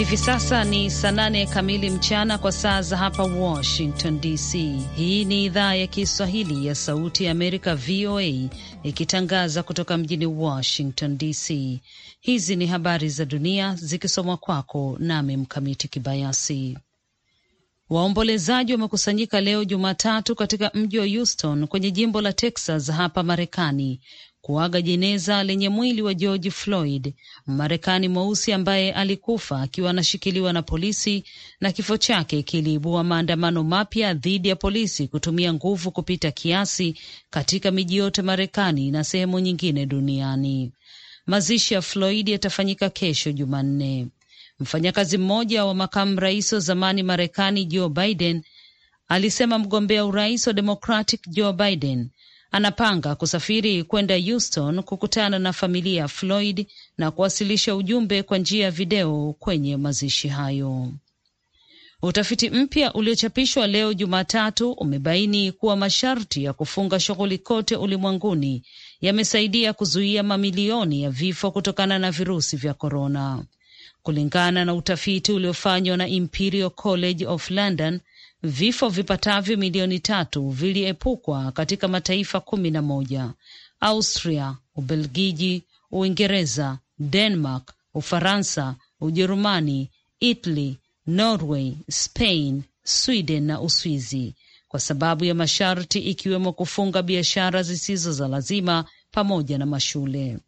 Hivi sasa ni saa nane kamili mchana kwa saa za hapa Washington DC. Hii ni idhaa ya Kiswahili ya Sauti ya Amerika, VOA, ikitangaza kutoka mjini Washington DC. Hizi ni habari za dunia zikisomwa kwako nami Mkamiti Kibayasi. Waombolezaji wamekusanyika leo Jumatatu katika mji wa Houston kwenye jimbo la Texas hapa Marekani kuaga jeneza lenye mwili wa George Floyd, marekani mweusi ambaye alikufa akiwa anashikiliwa na polisi, na kifo chake kiliibua maandamano mapya dhidi ya polisi kutumia nguvu kupita kiasi katika miji yote Marekani na sehemu nyingine duniani. Mazishi ya Floyd yatafanyika kesho Jumanne. Mfanyakazi mmoja wa makamu rais wa zamani Marekani Joe Biden alisema mgombea urais wa Democratic Joe Biden anapanga kusafiri kwenda Houston kukutana na familia ya Floyd na kuwasilisha ujumbe kwa njia ya video kwenye mazishi hayo. Utafiti mpya uliochapishwa leo Jumatatu umebaini kuwa masharti ya kufunga shughuli kote ulimwenguni yamesaidia kuzuia mamilioni ya vifo kutokana na virusi vya korona. Kulingana na utafiti uliofanywa na Imperial College of London, vifo vipatavyo milioni tatu viliepukwa katika mataifa kumi na moja: Austria, Ubelgiji, Uingereza, Denmark, Ufaransa, Ujerumani, Italy, Norway, Spain, Sweden na Uswizi, kwa sababu ya masharti ikiwemo kufunga biashara zisizo za lazima pamoja na mashule.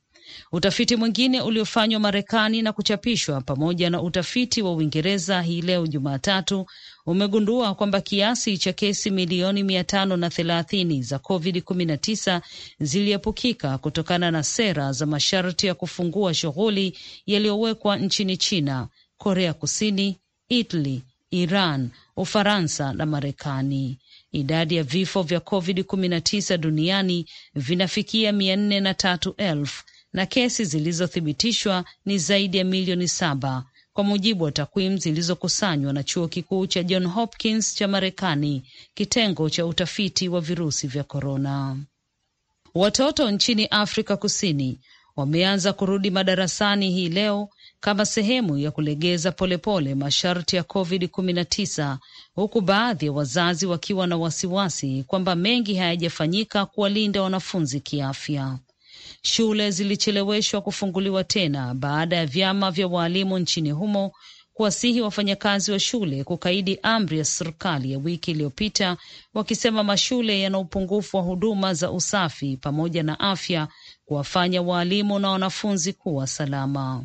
Utafiti mwingine uliofanywa Marekani na kuchapishwa pamoja na utafiti wa Uingereza hii leo Jumatatu umegundua kwamba kiasi cha kesi milioni mia tano na thelathini za COVID 19 ziliepukika kutokana na sera za masharti ya kufungua shughuli yaliyowekwa nchini China, Korea Kusini, Italy, Iran, Ufaransa na Marekani. Idadi ya vifo vya COVID-19 duniani vinafikia mia nne na tatu elfu na kesi zilizothibitishwa ni zaidi ya milioni saba kwa mujibu wa takwimu zilizokusanywa na chuo kikuu cha John Hopkins cha Marekani, kitengo cha utafiti wa virusi vya korona. Watoto nchini Afrika Kusini wameanza kurudi madarasani hii leo kama sehemu ya kulegeza polepole masharti ya COVID-19, huku baadhi ya wazazi wakiwa na wasiwasi kwamba mengi hayajafanyika kuwalinda wanafunzi kiafya shule zilicheleweshwa kufunguliwa tena baada ya vyama vya waalimu nchini humo kuwasihi wafanyakazi wa shule kukaidi amri ya serikali ya wiki iliyopita, wakisema mashule yana upungufu wa huduma za usafi pamoja na afya, kuwafanya waalimu na wanafunzi kuwa salama.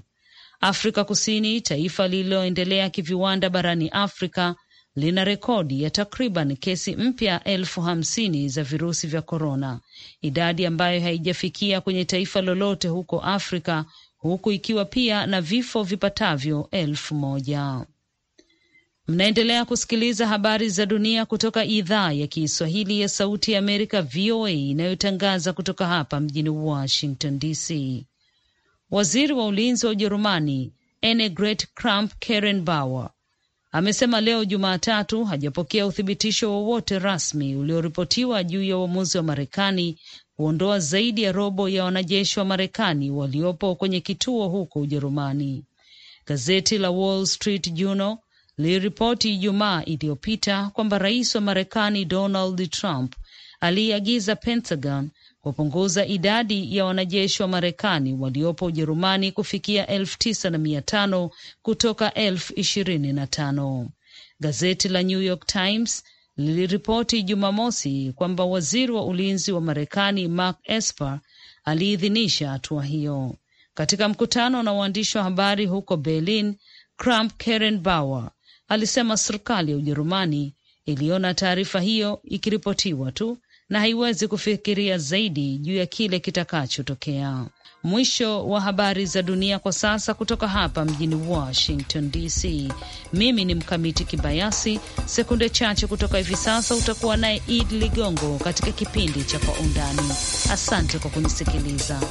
Afrika Kusini, taifa lililoendelea kiviwanda barani Afrika, lina rekodi ya takriban kesi mpya elfu hamsini za virusi vya korona, idadi ambayo haijafikia kwenye taifa lolote huko Afrika, huku ikiwa pia na vifo vipatavyo elfu moja. Mnaendelea kusikiliza habari za dunia kutoka idhaa ya Kiswahili ya Sauti ya Amerika, VOA, inayotangaza kutoka hapa mjini Washington DC. Waziri wa ulinzi wa Ujerumani Annegret Kramp Karrenbauer amesema leo Jumatatu hajapokea uthibitisho wowote rasmi ulioripotiwa juu ya uamuzi wa Marekani kuondoa zaidi ya robo ya wanajeshi wa Marekani waliopo kwenye kituo huko Ujerumani. Gazeti la Wall Street Journal liliripoti Ijumaa iliyopita kwamba rais wa Marekani Donald Trump aliyeagiza Pentagon kupunguza idadi ya wanajeshi wa Marekani waliopo Ujerumani kufikia elfu tisa na mia tano kutoka elfu ishirini na tano. Gazeti la New York Times liliripoti Jumamosi kwamba waziri wa ulinzi wa Marekani Mark Esper aliidhinisha hatua hiyo katika mkutano na waandishi wa habari huko Berlin. Kramp Karen Bauer alisema serikali ya Ujerumani iliona taarifa hiyo ikiripotiwa tu na haiwezi kufikiria zaidi juu ya kile kitakachotokea. Mwisho wa habari za dunia kwa sasa, kutoka hapa mjini Washington DC. Mimi ni Mkamiti Kibayasi. Sekunde chache kutoka hivi sasa utakuwa naye Id Ligongo katika kipindi cha Kwa Undani. Asante kwa kunisikiliza.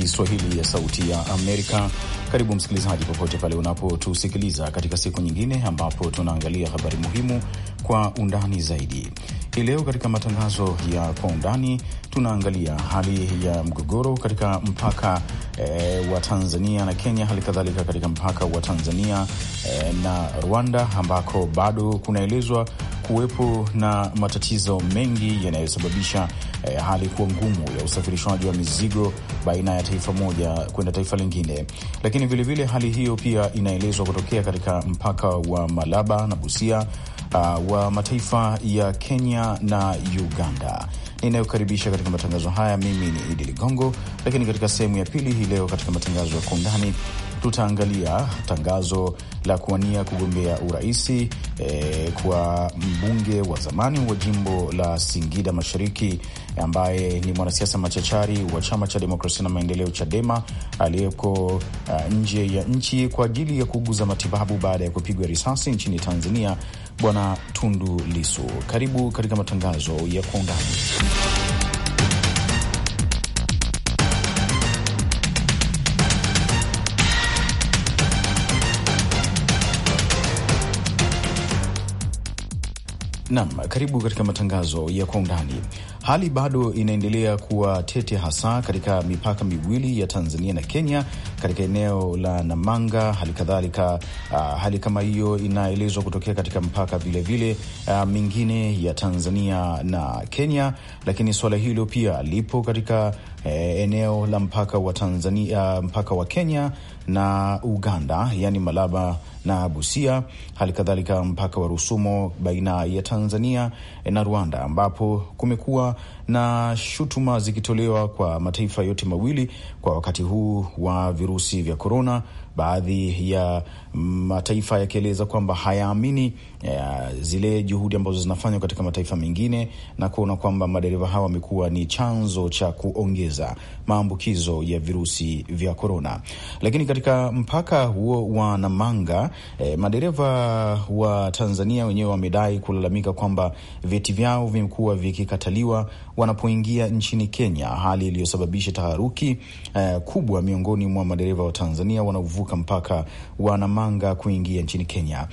Kiswahili ya Sauti ya Amerika. Karibu msikilizaji, popote pale unapotusikiliza katika siku nyingine ambapo tunaangalia habari muhimu kwa undani zaidi. Hii leo katika matangazo ya kwa undani tunaangalia hali ya mgogoro katika mpaka e, wa Tanzania na Kenya, hali kadhalika katika mpaka wa Tanzania e, na Rwanda ambako bado kunaelezwa kuwepo na matatizo mengi yanayosababisha eh, hali kuwa ngumu ya usafirishaji wa mizigo baina ya taifa moja kwenda taifa lingine. Lakini vilevile vile hali hiyo pia inaelezwa kutokea katika mpaka wa Malaba na Busia uh, wa mataifa ya Kenya na Uganda. Ninayokaribisha katika matangazo haya mimi ni Idi Ligongo, lakini katika sehemu ya pili hii leo katika matangazo ya kwa undani tutaangalia tangazo la kuwania kugombea uraisi eh, kwa mbunge wa zamani wa jimbo la Singida Mashariki ambaye ni mwanasiasa machachari wa chama cha demokrasia na maendeleo CHADEMA aliyeko uh, nje ya nchi kwa ajili ya kuuguza matibabu baada ya kupigwa risasi nchini Tanzania, Bwana Tundu Lisu. Karibu katika matangazo ya Kwa Undani. Nam, karibu katika matangazo ya kwa undani. Hali bado inaendelea kuwa tete, hasa katika mipaka miwili ya Tanzania na Kenya, katika eneo la Namanga. Hali kadhalika uh, hali kama hiyo inaelezwa kutokea katika mpaka vilevile uh, ah, mingine ya Tanzania na Kenya, lakini suala hilo pia lipo katika uh, eneo la mpaka wa Tanzania, ah, mpaka wa Kenya na Uganda, yani Malaba na Busia, hali kadhalika mpaka wa Rusumo baina ya Tanzania eh, na Rwanda, ambapo kumekuwa na shutuma zikitolewa kwa mataifa yote mawili kwa wakati huu wa virusi vya korona. Baadhi ya mataifa yakieleza kwamba hayaamini ya eh, zile juhudi ambazo zinafanywa katika mataifa mengine na kuona kwamba madereva hawa wamekuwa ni chanzo cha kuongeza maambukizo ya virusi vya korona. Lakini katika mpaka huo wa Namanga, eh, madereva wa Tanzania wenyewe wamedai kulalamika kwamba vyeti vyao vimekuwa vikikataliwa wanapoingia nchini Kenya, hali iliyosababisha taharuki eh, kubwa miongoni mwa madereva wa Tanzania wanaovuka mpaka wa Namanga Namanga kuingia nchini Kenya.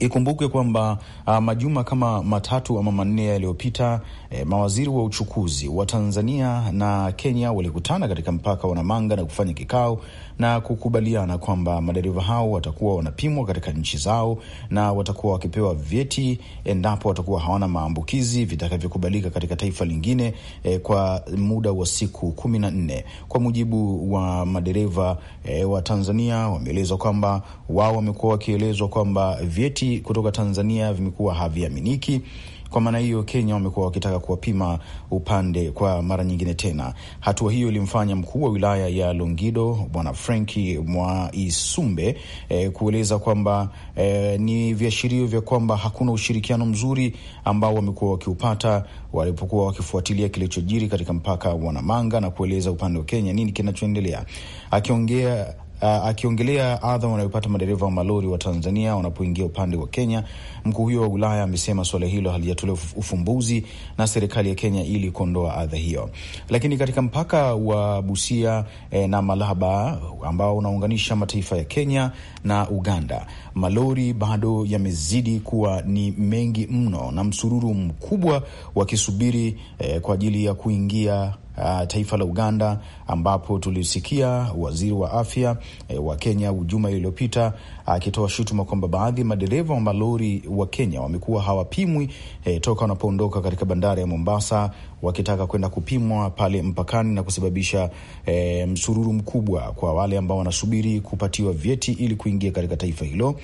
Ikumbukwe kwamba uh, majuma kama matatu ama manne yaliyopita E, mawaziri wa uchukuzi wa Tanzania na Kenya walikutana katika mpaka wa Namanga na kufanya kikao na kukubaliana kwamba madereva hao watakuwa wanapimwa katika nchi zao na watakuwa wakipewa vyeti endapo watakuwa hawana maambukizi vitakavyokubalika katika taifa lingine e, kwa muda wa siku kumi na nne. Kwa mujibu wa madereva e, wa Tanzania wameelezwa kwamba wao wamekuwa wakielezwa kwamba vyeti kutoka Tanzania vimekuwa haviaminiki kwa maana hiyo, Kenya wamekuwa wakitaka kuwapima upande kwa mara nyingine tena. Hatua hiyo ilimfanya mkuu wa wilaya ya Longido Bwana Franki Mwaisumbe eh, kueleza kwamba eh, ni viashirio vya kwamba hakuna ushirikiano mzuri ambao wamekuwa wakiupata walipokuwa wakifuatilia kilichojiri katika mpaka wa Namanga na kueleza upande wa Kenya nini kinachoendelea. Akiongea Uh, akiongelea adha wanayopata madereva wa malori wa Tanzania wanapoingia upande wa Kenya, mkuu huyo wa wilaya amesema suala hilo halijatolewa ufumbuzi na serikali ya Kenya ili kuondoa adha hiyo. Lakini katika mpaka wa Busia eh, na Malaba ambao unaunganisha mataifa ya Kenya na Uganda, malori bado yamezidi kuwa ni mengi mno na msururu mkubwa wakisubiri eh, kwa ajili ya kuingia uh, taifa la Uganda, ambapo tulisikia waziri wa afya e, wa Kenya juma iliyopita akitoa shutuma kwamba baadhi ya madereva wa malori wa Kenya wamekuwa hawapimwi e, toka wanapoondoka katika bandari ya Mombasa wakitaka kwenda kupimwa pale mpakani na kusababisha e, msururu mkubwa kwa wale ambao wanasubiri kupatiwa vyeti ili kuingia katika taifa hilo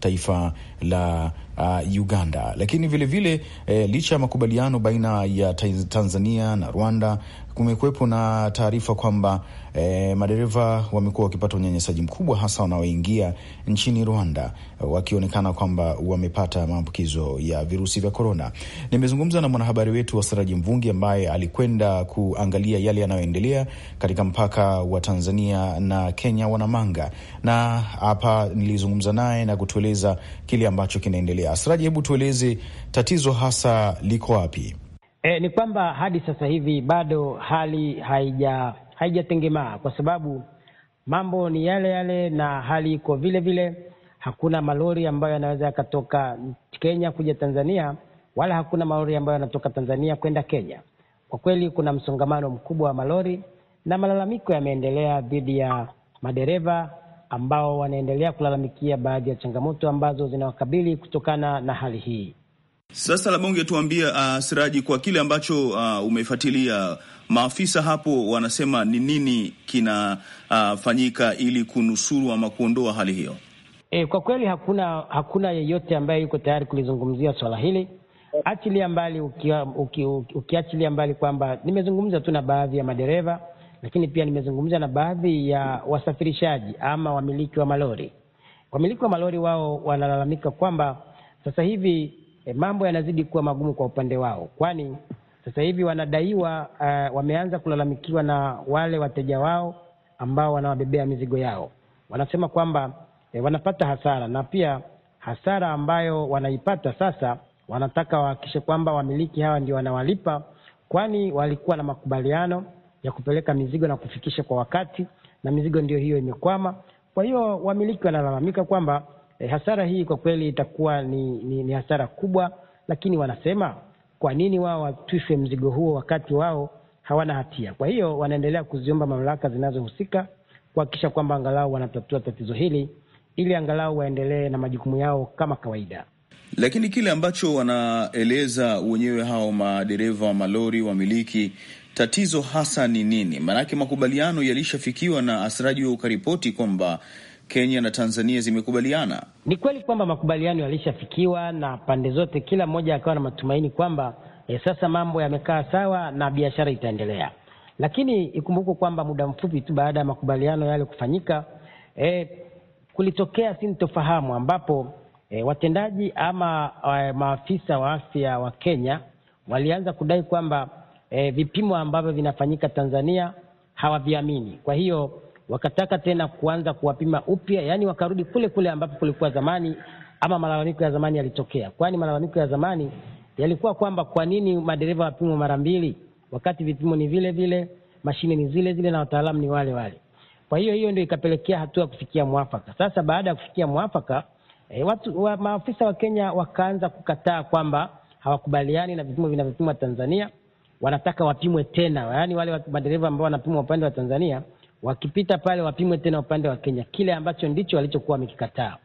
taifa la uh, Uganda. Lakini vilevile vile, eh, licha ya makubaliano baina ya Tanzania na Rwanda kumekuwepo na taarifa kwamba e, madereva wamekuwa wakipata unyanyasaji mkubwa hasa wanaoingia nchini Rwanda wakionekana kwamba wamepata maambukizo ya virusi vya korona. Nimezungumza na mwanahabari wetu Saraji Mvungi ambaye alikwenda kuangalia yale yanayoendelea katika mpaka wa Tanzania na Kenya, Wanamanga, na hapa nilizungumza naye na kutueleza kile ambacho kinaendelea mbele. Asraji, hebu tueleze tatizo hasa liko wapi? E, ni kwamba hadi sasa hivi bado hali haija haijatengemaa kwa sababu mambo ni yale yale na hali iko vile vile. Hakuna malori ambayo yanaweza yakatoka Kenya kuja Tanzania, wala hakuna malori ambayo yanatoka Tanzania kwenda Kenya. Kwa kweli kuna msongamano mkubwa wa malori na malalamiko yameendelea dhidi ya madereva ambao wanaendelea kulalamikia baadhi ya changamoto ambazo zinawakabili kutokana na hali hii. Sasa labda ungetuambia uh, Siraji, kwa kile ambacho uh, umefuatilia, maafisa hapo wanasema ni nini kinafanyika uh, ili kunusuru ama kuondoa hali hiyo? E, kwa kweli hakuna hakuna yeyote ambaye yuko tayari kulizungumzia swala hili, achilia mbali ukiachilia uki, uki, uki mbali kwamba nimezungumza tu na baadhi ya madereva lakini pia nimezungumza na baadhi ya wasafirishaji ama wamiliki wa malori. Wamiliki wa malori wao wanalalamika kwamba sasa hivi eh, mambo yanazidi kuwa magumu kwa upande wao, kwani sasa hivi wanadaiwa uh, wameanza kulalamikiwa na wale wateja wao ambao wanawabebea mizigo yao. Wanasema kwamba eh, wanapata hasara na pia hasara ambayo wanaipata sasa, wanataka wahakikishe kwamba wamiliki hawa ndio wanawalipa, kwani walikuwa na makubaliano ya kupeleka mizigo na kufikisha kwa wakati, na mizigo ndio hiyo imekwama. Kwa hiyo wamiliki wanalalamika kwamba eh, hasara hii kwa kweli itakuwa ni, ni, ni hasara kubwa, lakini wanasema kwa nini wao watwishwe mzigo huo wakati wao hawana hatia. Kwa hiyo wanaendelea kuziomba mamlaka zinazohusika kuhakikisha kwamba angalau wanatatua tatizo hili ili angalau waendelee na majukumu yao kama kawaida. Lakini kile ambacho wanaeleza wenyewe hao madereva wa malori wamiliki tatizo hasa ni nini? Maanake makubaliano yalishafikiwa na Asraji ukaripoti kwamba Kenya na Tanzania zimekubaliana. Ni kweli kwamba makubaliano yalishafikiwa na pande zote, kila mmoja akawa na matumaini kwamba e, sasa mambo yamekaa sawa na biashara itaendelea, lakini ikumbukwe kwamba muda mfupi tu baada ya makubaliano yale kufanyika, e, kulitokea sintofahamu ambapo e, watendaji ama e, maafisa wa afya wa Kenya walianza kudai kwamba e, vipimo ambavyo vinafanyika Tanzania hawaviamini. Kwa hiyo wakataka tena kuanza kuwapima upya, yaani wakarudi kule kule ambapo kulikuwa zamani, ama malalamiko ya zamani yalitokea, kwani malalamiko ya zamani yalikuwa kwamba kwa nini madereva wapimwe mara mbili wakati vipimo ni vile vile, mashine ni zile zile na wataalamu ni wale wale. Kwa hiyo hiyo ndio ikapelekea hatua kufikia mwafaka. Sasa baada ya kufikia mwafaka e, watu wa, maafisa wa Kenya wakaanza kukataa kwamba hawakubaliani na vipimo vinavyopimwa Tanzania wanataka wapimwe tena, yaani wale madereva ambao wanapimwa upande wa Tanzania wakipita pale wapimwe tena upande wa Kenya, kile ambacho ndicho walichokuwa wamekikataa.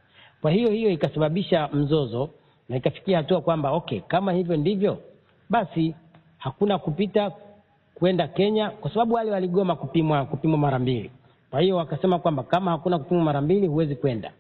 Kwa hiyo hiyo ikasababisha mzozo na ikafikia hatua kwamba okay, kama hivyo ndivyo basi hakuna kupita kwenda Kenya, kwa sababu wale waligoma kupimwa kupimwa mara mbili. Kwa hiyo wakasema kwamba kama hakuna kupimwa mara mbili huwezi kwenda,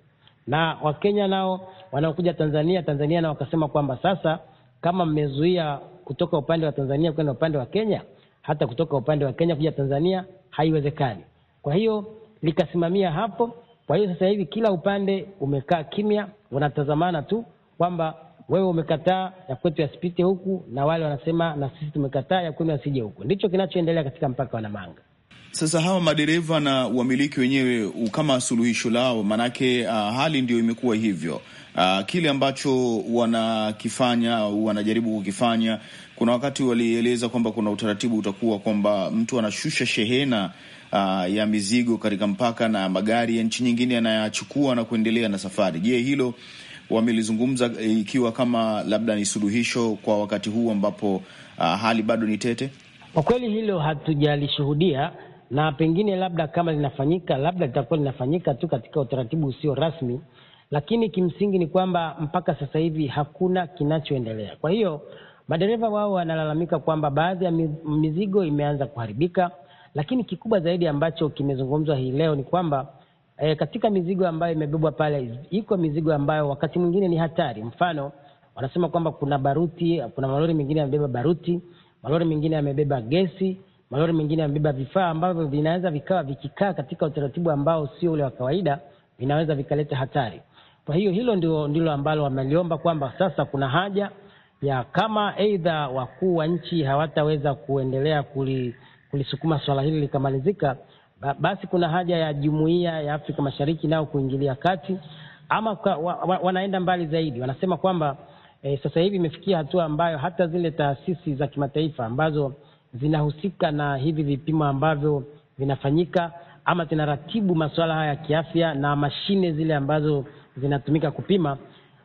na Wakenya nao wanaokuja Tanzania Tanzania nao wakasema kwamba sasa kama mmezuia kutoka upande wa Tanzania kwenda upande wa Kenya, hata kutoka upande wa Kenya kuja Tanzania haiwezekani. Kwa hiyo likasimamia hapo. Kwa hiyo sasa hivi kila upande umekaa kimya, wanatazamana tu kwamba wewe umekataa ya kwetu yasipite huku, na wale wanasema na sisi tumekataa ya kwenu yasije huku. Ndicho kinachoendelea katika mpaka wa Namanga. Sasa hawa madereva na wamiliki wenyewe kama suluhisho lao, maanake uh, ah, hali ndio imekuwa hivyo. Uh, kile ambacho wanakifanya au wanajaribu kukifanya, kuna wakati walieleza kwamba kuna utaratibu utakuwa kwamba mtu anashusha shehena uh, ya mizigo katika mpaka na magari ya nchi nyingine yanayachukua na kuendelea na safari. Je, hilo wamelizungumza eh, ikiwa kama labda ni suluhisho kwa wakati huu ambapo uh, hali bado ni tete? Kwa kweli hilo hatujalishuhudia na pengine labda kama linafanyika, labda litakuwa linafanyika tu katika utaratibu usio rasmi lakini kimsingi ni kwamba mpaka sasa hivi hakuna kinachoendelea. Kwa hiyo madereva wao wanalalamika kwamba baadhi ya mizigo imeanza kuharibika, lakini kikubwa zaidi ambacho kimezungumzwa hii leo ni kwamba e, katika mizigo ambayo imebebwa pale iko mizigo ambayo wakati mwingine ni hatari. Mfano, wanasema kwamba kuna baruti, kuna malori mengine yamebeba baruti, malori mengine yamebeba gesi, malori mengine yamebeba vifaa ambavyo vinaweza vikawa vikikaa katika utaratibu ambao sio ule wa kawaida, vinaweza vikaleta hatari. Kwa hiyo hilo ndilo, ndilo ambalo wameliomba kwamba sasa kuna haja ya kama aidha wakuu wa nchi hawataweza kuendelea kulisukuma swala hili likamalizika, basi kuna haja ya jumuiya ya Afrika Mashariki nao kuingilia kati, ama kwa, wa, wa, wanaenda mbali zaidi, wanasema kwamba e, sasa hivi imefikia hatua ambayo hata zile taasisi za kimataifa ambazo zinahusika na hivi vipimo ambavyo vinafanyika ama zinaratibu masuala haya ya kiafya na mashine zile ambazo zinatumika kupima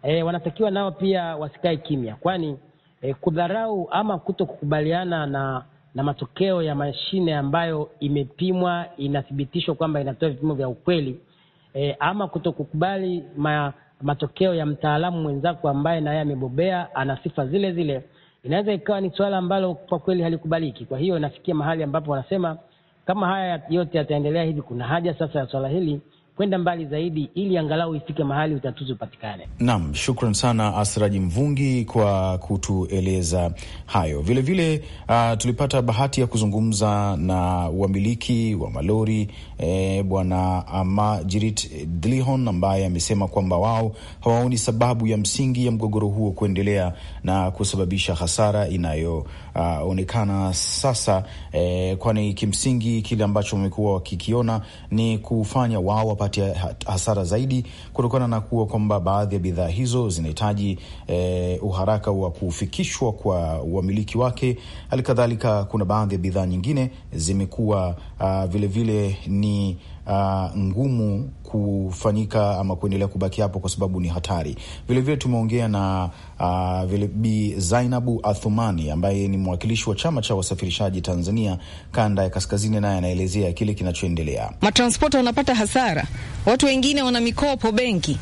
e, wanatakiwa nao pia wasikae kimya, kwani e, kudharau ama kuto kukubaliana na na matokeo ya mashine ambayo imepimwa inathibitishwa kwamba inatoa vipimo vya ukweli e, ama kukubali ma, matokeo ya mtaalamu mwenzako ambaye naye amebobea ana sifa zile zile, inaweza ikawa ni suala ambalo kwa kweli halikubaliki. Kwa hiyo inafikia mahali ambapo wanasema kama haya yote yataendelea hivi, kuna haja sasa ya swala hili kwenda mbali zaidi, ili angalau ifike mahali utatuzi upatikane. Naam, shukran sana Asraji Mvungi kwa kutueleza hayo. Vilevile vile, uh, tulipata bahati ya kuzungumza na wamiliki wa malori eh, Bwana Amajirit Dlihon ambaye amesema kwamba wao hawaoni sababu ya msingi ya mgogoro huo kuendelea na kusababisha hasara inayoonekana uh, sasa eh, kwani kimsingi kile ambacho wamekuwa wakikiona ni kufanya wao wapate hasara zaidi kutokana na kuwa kwamba baadhi ya bidhaa hizo zinahitaji eh, uharaka wa kufikishwa kwa wamiliki wake. Halikadhalika, kuna baadhi ya bidhaa nyingine zimekuwa vilevile ni uh, ngumu kufanyika ama kuendelea kubaki hapo kwa sababu ni hatari. Vilevile tumeongea na uh, vile Bi Zainabu Athumani ambaye ni mwakilishi wa chama cha wasafirishaji Tanzania kanda ya kaskazini, naye anaelezea kile kinachoendelea. Matranspota wanapata hasara, watu wengine wana mikopo benki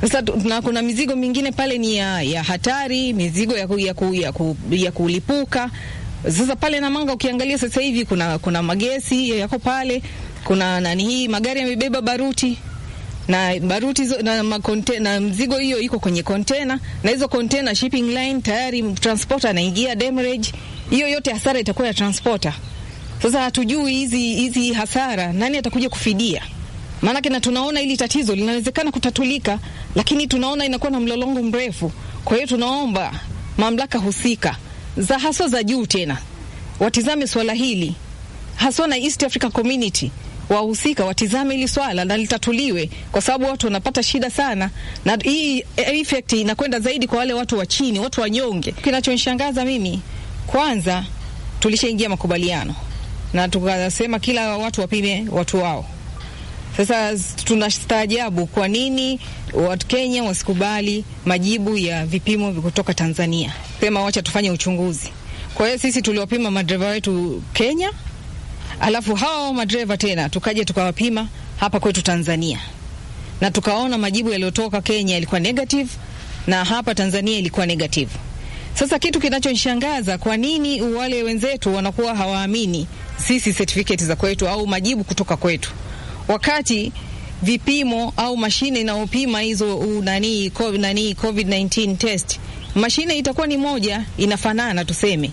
sasa na kuna mizigo mingine pale ni ya, ya hatari mizigo ya, ku, ya, ku, ya, ku, ya kulipuka. Sasa pale Namanga ukiangalia sasa hivi kuna, kuna magesi yako pale kuna nani hii magari yamebeba baruti na baruti zo, na, makonte, na mzigo hiyo iko kwenye kontena na hizo kontena shipping line tayari transporter anaingia demurrage. Hiyo yote hasara itakuwa ya transporter. Sasa hatujui hizi hizi hasara nani atakuja kufidia, maanake na tunaona hili tatizo linawezekana kutatulika, lakini tunaona inakuwa na mlolongo mrefu. Kwa hiyo tunaomba mamlaka husika za haswa za juu tena watizame swala hili haswa na East Africa Community wahusika watizame hili swala na litatuliwe, kwa sababu watu wanapata shida sana, na hii eh, effect inakwenda zaidi kwa wale watu wa chini, watu wanyonge. Kinachonishangaza mimi, kwanza tulishaingia makubaliano na tukasema kila watu wapime watu wao. Sasa tunastaajabu kwa nini watu Kenya wasikubali majibu ya vipimo kutoka Tanzania, sema wacha tufanye uchunguzi. Kwa hiyo sisi tuliwapima madereva wetu Kenya alafu hawa madreva tena tukaja tukawapima hapa kwetu Tanzania na tukaona majibu yaliyotoka Kenya yalikuwa negative na hapa Tanzania ilikuwa negative. Sasa kitu kinachonishangaza, kwa nini wale wenzetu wanakuwa hawaamini sisi certificate za kwetu au majibu kutoka kwetu, wakati vipimo au mashine inayopima hizo nani COVID-19 test, mashine itakuwa ni moja, inafanana tuseme.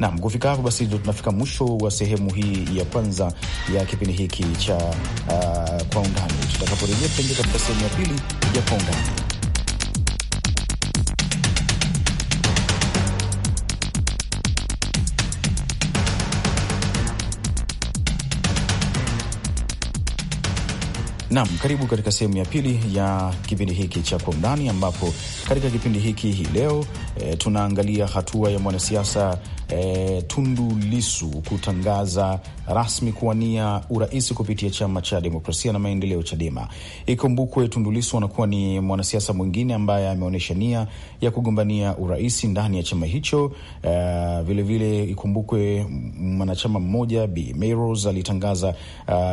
Nam, kufika hapo basi ndio tunafika mwisho wa sehemu hii ya kwanza ya kipindi hiki cha uh, kwa undani. Tutakaporejea tutaingia katika sehemu ya pili ya kwa undani. Nam, karibu katika sehemu ya pili ya kipindi hiki cha kwa undani, ambapo katika kipindi hiki hii leo e, tunaangalia hatua ya mwanasiasa eh, Tundu Lisu kutangaza rasmi kuwania urais kupitia chama cha demokrasia na maendeleo Chadema. Ikumbukwe Tundu Lisu anakuwa ni mwanasiasa mwingine ambaye ameonyesha nia ya kugombania urais ndani ya chama hicho. Vilevile ikumbukwe mwanachama mmoja Bi Meros alitangaza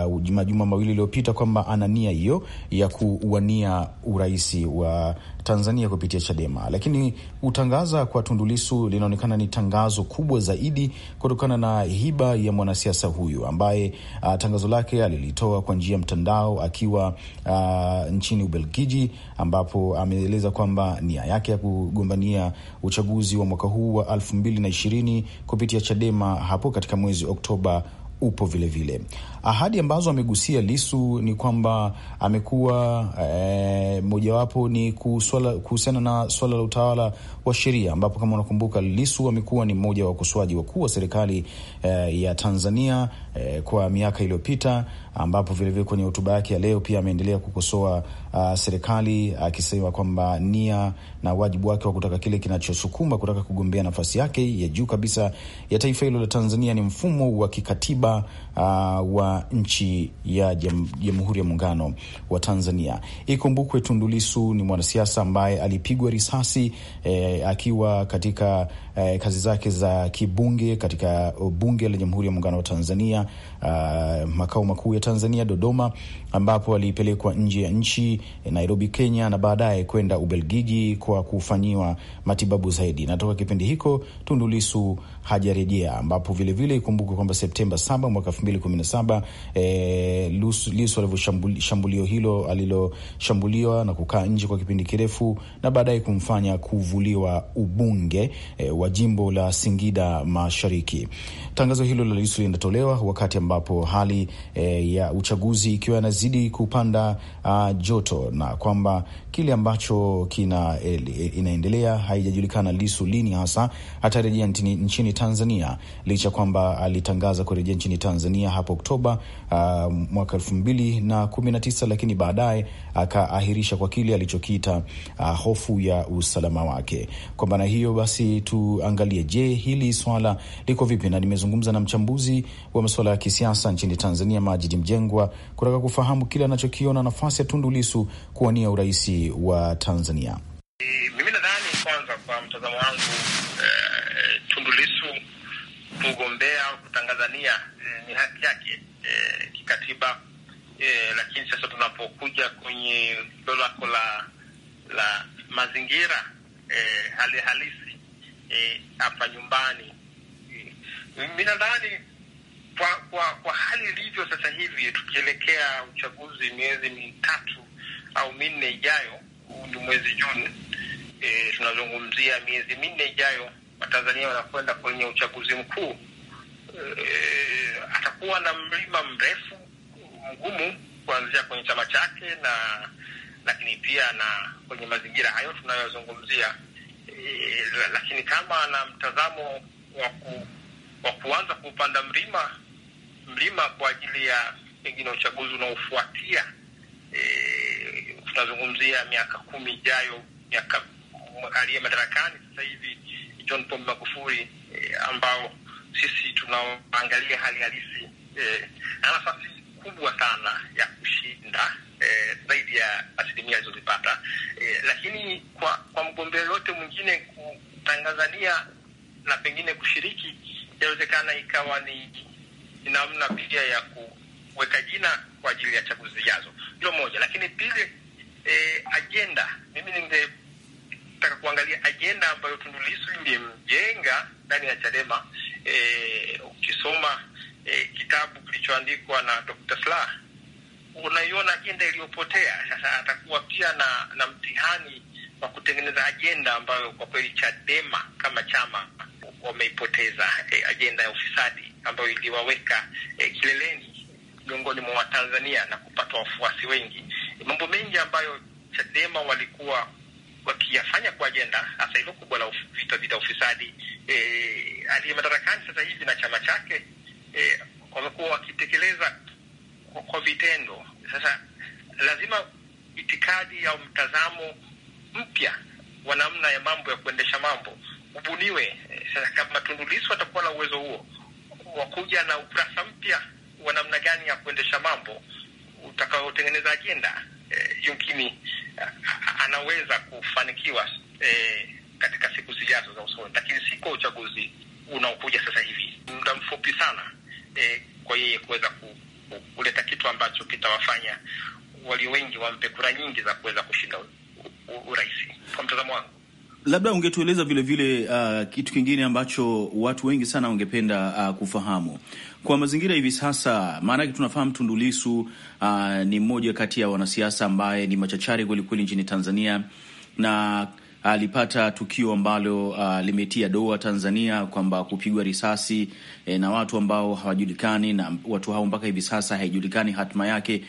uh, majuma mawili iliyopita kwamba ana nia hiyo ya kuwania urais wa Tanzania kupitia Chadema, lakini utangaza kwa Tundu Lisu linaonekana ni tangazo kubwa kubwa zaidi kutokana na hiba ya mwanasiasa huyu ambaye uh, tangazo lake alilitoa kwa njia ya mtandao akiwa uh, nchini Ubelgiji, ambapo ameeleza kwamba nia yake ya kugombania uchaguzi wa mwaka huu wa elfu mbili na ishirini kupitia Chadema hapo katika mwezi Oktoba upo vilevile vile. Ahadi ambazo amegusia Lisu ni kwamba amekuwa e, mojawapo ni kuhusiana na suala la utawala wa sheria, ambapo kama unakumbuka Lisu amekuwa ni mmoja wa wakosoaji wakuu wa serikali e, ya Tanzania eh, kwa miaka iliyopita, ambapo vilevile kwenye hotuba yake ya leo pia ameendelea kukosoa uh, serikali akisema uh, kwamba nia na wajibu wake wa kutaka kile kinachosukuma kutaka kugombea nafasi yake ya juu kabisa ya taifa hilo la Tanzania ni mfumo wa kikatiba uh, wa nchi ya Jamhuri ya Muungano wa Tanzania. Ikumbukwe Tundu Lissu ni mwanasiasa ambaye alipigwa risasi eh, akiwa katika eh, kazi zake za kibunge katika uh, bunge la Jamhuri ya Muungano wa Tanzania uh, makao makuu ya Tanzania Dodoma, ambapo alipelekwa nje ya nchi eh, Nairobi, Kenya, na baadaye kwenda Ubelgiji kwa kufanyiwa matibabu zaidi, na toka kipindi hiko Tundu Lissu hajarejea, ambapo vilevile ikumbukwe kwamba Septemba 7 mwaka 2017 eh, Lissu alivyoshambulio hilo aliloshambuliwa na kukaa nje kwa kipindi kirefu na baadaye kumfanya kuvuliwa ubunge eh, wa jimbo la Singida Mashariki. Tangazo hilo la Lissu linatolewa wakati ambapo hali e, ya uchaguzi ikiwa inazidi kupanda a, ah, joto na kwamba kile ambacho kina e, inaendelea haijajulikana lisu lini hasa atarejea nchini Tanzania, licha kwamba alitangaza kurejea nchini Tanzania hapo Oktoba uh, mwaka elfu mbili na kumi na tisa, lakini baadaye akaahirisha kwa kile alichokiita uh, hofu ya usalama wake. Kwa maana hiyo basi, tuangalie, je, hili swala liko vipi? Na nimezungumza na mchambuzi wa masuala ya kisiasa nchini Tanzania Majidi Mjengwa kutaka kufahamu kile anachokiona nafasi ya Tundu Lisu kuwania urais wa Tanzania. Mimi nadhani kwanza, kwa mtazamo wangu eh, Tundu Lisu kugombea au kutangazania eh, ni haki yake kikatiba eh, e, eh, lakini sasa tunapokuja kwenye lolako la la mazingira e, hali halisi hapa nyumbani eh, mi nadhani kwa, kwa kwa hali ilivyo sasa hivi tukielekea uchaguzi miezi mitatu au minne ijayo, huu ni mwezi Juni e, tunazungumzia miezi minne ijayo Watanzania wanakwenda kwenye uchaguzi mkuu eh, atakuwa na mlima mrefu mgumu kuanzia kwenye chama chake na lakini pia na kwenye mazingira hayo tunayozungumzia, eh, lakini kama ana mtazamo wa kuanza kuupanda mlima mlima kwa ajili ya pengine uchaguzi unaofuatia, eh, tunazungumzia miaka kumi ijayo, miaka aliye madarakani sasa hivi John Pombe Magufuli eh, ambao sisi tunaangalia hali halisi eh, na nafasi kubwa sana ya kushinda eh, zaidi ya asilimia alizozipata eh, lakini kwa kwa mgombea yoyote mwingine kutangazania na pengine kushiriki, inawezekana ikawa ni namna pia ya kuweka jina kwa ajili ya chaguzi zijazo. Hilo moja, lakini pili, eh, ajenda, mimi ningetaka kuangalia ajenda ambayo Tundu Lissu ilimjenga ndani ya Chadema eh, ukisoma eh, kitabu kilichoandikwa na Dr. Slaa unaiona ajenda iliyopotea. Sasa atakuwa pia na, na mtihani wa kutengeneza ajenda ambayo kwa kweli Chadema kama chama wameipoteza, eh, ajenda ya ufisadi ambayo iliwaweka eh, kileleni miongoni mwa Watanzania na kupata wafuasi wengi, mambo mengi ambayo Chadema walikuwa wakiyafanya kwa ajenda hasa hilo kubwa la vita dhidi ya ufisadi. E, aliye madarakani sasa hivi na chama chake e, wamekuwa wakitekeleza kwa, kwa vitendo. Sasa lazima itikadi au mtazamo mpya wa namna ya mambo ya kuendesha mambo ubuniwe. E, sasa kama Tundu Lissu atakuwa na uwezo huo wa kuja na ukurasa mpya wa namna gani ya kuendesha mambo utakaotengeneza ajenda eh, yumkini eh, anaweza kufanikiwa eh, katika siku zijazo za usoni, lakini si kwa uchaguzi unaokuja sasa hivi, muda mfupi sana eh, kwa yeye kuweza kuleta kitu ambacho kitawafanya walio wengi wampe kura nyingi za kuweza kushinda labda ungetueleza vilevile uh, kitu kingine ambacho watu wengi sana wangependa uh, kufahamu kwa mazingira hivi sasa, maanake tunafahamu Tundu Lissu uh, ni mmoja kati ya wanasiasa ambaye ni machachari kwelikweli nchini Tanzania na alipata tukio ambalo uh, limetia doa Tanzania kwamba kupigwa risasi e, na watu ambao hawajulikani, na watu hao mpaka hivi sasa haijulikani hatima yake.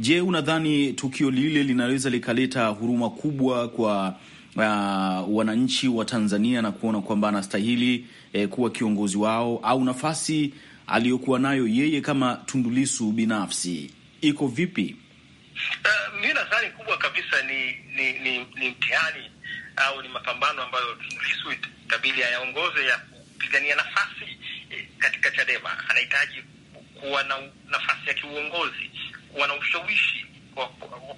Je, unadhani tukio lile linaweza likaleta huruma kubwa kwa uh, wananchi wa Tanzania na kuona kwamba anastahili eh, kuwa kiongozi wao au nafasi aliyokuwa nayo yeye kama Tundulisu binafsi iko vipi? Uh, mi nadhani kubwa kabisa ni ni, ni, ni mtihani au ni mapambano ambayo Tundulisu itabidi ayaongoze ya kupigania nafasi eh, katika Chadema. Anahitaji kuwa na nafasi ya kiuongozi, kuwa na ushawishi kwa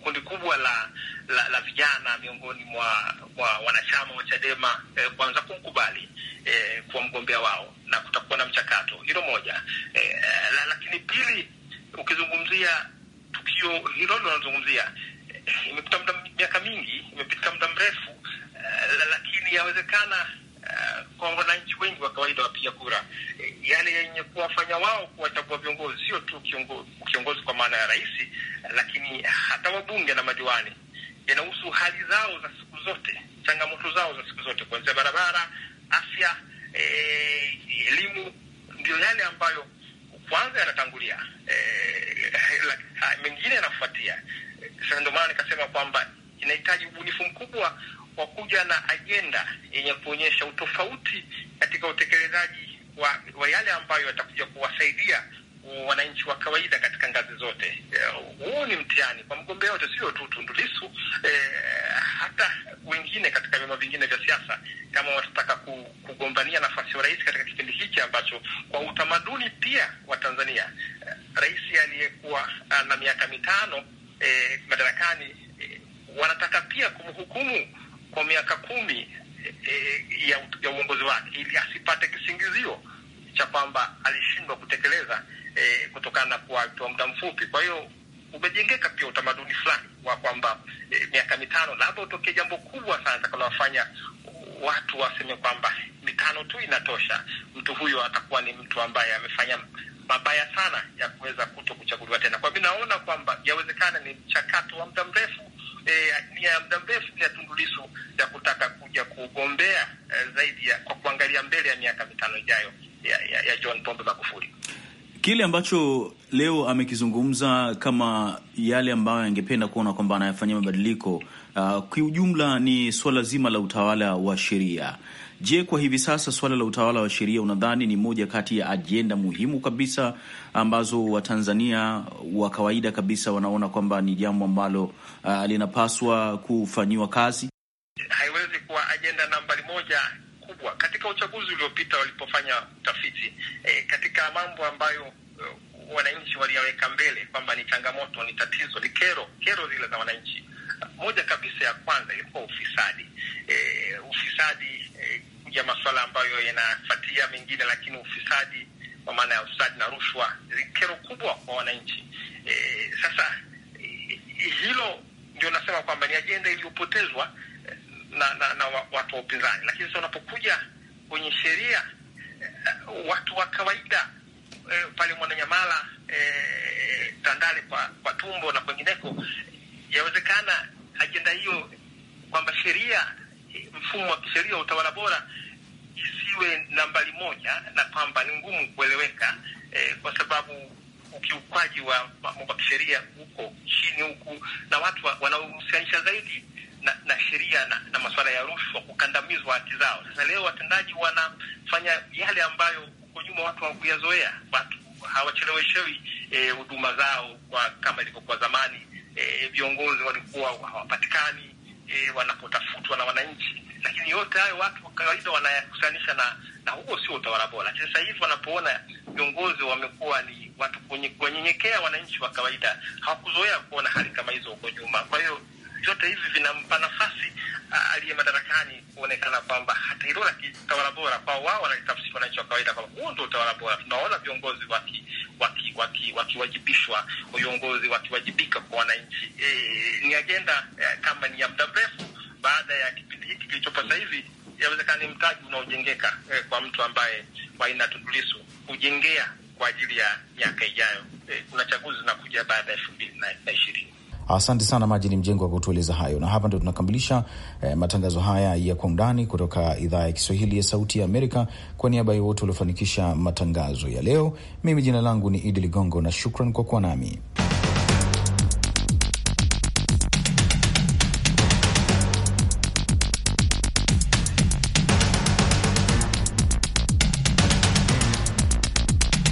kundi kubwa la, la la vijana miongoni mwa, mwa wanachama wa Chadema eh, kuanza kumkubali eh, kuwa mgombea wao na kutakuwa na mchakato. Hilo moja eh, eh la, lakini pili, ukizungumzia tukio hilo linalozungumzia eh, imepita miaka mingi, imepita muda mrefu eh, lakini yawezekana Eh, kwa wananchi wengi wa kawaida wapiga kura, eh, yale yenye kuwafanya wao kuwachagua viongozi, sio tu kiongozi, kiongozi kwa maana ya rais, lakini hata wabunge na madiwani, yanahusu hali zao za siku zote, changamoto zao za siku zote, kuanzia barabara, afya, eh, elimu eh, ndio yale ambayo kwanza yanatangulia eh, mengine yanafuatia. Sasa ndio maana nikasema kwamba inahitaji ubunifu mkubwa kwa kuja na ajenda yenye kuonyesha utofauti katika utekelezaji wa, wa yale ambayo yatakuja kuwasaidia wananchi wa kawaida katika ngazi zote. Eh, huu ni mtihani kwa mgombea wote, sio tu Tundu Lissu eh, hata wengine katika vyama vingine vya siasa, kama watataka kugombania nafasi ya urais katika kipindi hiki ambacho kwa utamaduni pia wa Tanzania eh, rais aliyekuwa eh, na miaka mitano eh, madarakani eh, wanataka pia kumhukumu kwa miaka kumi e, e ya, ya uongozi wake, ili asipate kisingizio cha kwamba alishindwa kutekeleza e, kutokana na kuwa muda mfupi. Kwa hiyo umejengeka pia utamaduni fulani wa kwamba e, miaka mitano labda utokee jambo kubwa sana takalowafanya watu waseme kwamba mitano tu inatosha, mtu huyo atakuwa ni mtu ambaye amefanya mabaya sana ya kuweza kuto kuchaguliwa tena. Kwa mi naona kwamba yawezekana ni mchakato wa muda mrefu E, nia ya muda mrefu ya Tundu Lissu ya kutaka kuja kugombea eh, zaidi ya kwa kuangalia mbele ya miaka mitano ijayo ya, ya, ya John Pombe Magufuli. Kile ambacho leo amekizungumza kama yale ambayo angependa kuona kwamba anayafanyia mabadiliko uh, kiujumla ni suala zima la utawala wa sheria Je, kwa hivi sasa suala la utawala wa sheria unadhani ni moja kati ya ajenda muhimu kabisa ambazo Watanzania wa kawaida kabisa wanaona kwamba ni jambo ambalo uh, linapaswa kufanyiwa kazi? Haiwezi kuwa ajenda nambari moja kubwa. Katika uchaguzi uliopita walipofanya utafiti e, katika mambo ambayo uh, wananchi waliyaweka mbele kwamba ni changamoto, ni tatizo, ni kero, kero zile za wananchi, moja kabisa ya kwanza ilikuwa ufisadi. E, ufisadi e, ya masuala ambayo yanafuatia mengine, lakini ufisadi kwa maana ya ufisadi na rushwa ni kero kubwa kwa wananchi. E, sasa e, hilo ndio nasema kwamba ni ajenda iliyopotezwa e, na, na, na watu wa upinzani, lakini sasa unapokuja kwenye sheria e, watu wa kawaida e, pale Mwananyamala e, Tandale kwa, kwa tumbo na kwengineko, yawezekana ajenda hiyo kwamba sheria, e, mfumo wa kisheria, utawala bora iwe nambari moja na kwamba ni ngumu kueleweka eh, kwa sababu ukiukwaji wa mambo ya kisheria huko chini huku na watu wa, wanaohusianisha zaidi na, na sheria na, na masuala ya rushwa kukandamizwa haki zao. Sasa leo watendaji wanafanya yale ambayo huko nyuma watu hawakuyazoea. Watu hawacheleweshewi eh, huduma e, zao kwa kama ilivyokuwa zamani. Eh, viongozi walikuwa hawapatikani e, wanapotafutwa na wananchi lakini yote hayo watu kawaida wanayakusanisha na na huo sio utawala bora. Lakini sasa hivi wanapoona viongozi wamekuwa ni watu kuwanyenyekea wananchi wa kawaida, hawakuzoea kuona hali kama hizo huko nyuma. Kwa hiyo vyote hivi vinampa nafasi aliye madarakani kuonekana kwamba hata hilo la kitawala bora kwa wao wanalitafsiri wananchi wa kawaida kwamba huo ndio utawala bora. Tunaona viongozi waki wakiwajibishwa waki, viongozi wakiwajibika kwa wananchi. E, e, e ni ajenda e, kama ni ya muda mrefu baada ya kipindi hiki kilichopo sasa hivi, yawezekana ni mtaji unaojengeka eh, kwa mtu ambaye kwa aina Tundu Lissu kujengea kwa ajili ya miaka ijayo. Eh, kuna chaguzi zinakuja baada ya elfu mbili na ishirini. Asante sana Maji ni Mjengo wa kutueleza hayo, na hapa ndio tunakamilisha eh, matangazo haya ya kwa undani kutoka idhaa ya Kiswahili ya Sauti ya Amerika. Kwa niaba ya wote waliofanikisha matangazo ya leo, mimi jina langu ni Idi Ligongo na shukran kwa kuwa nami.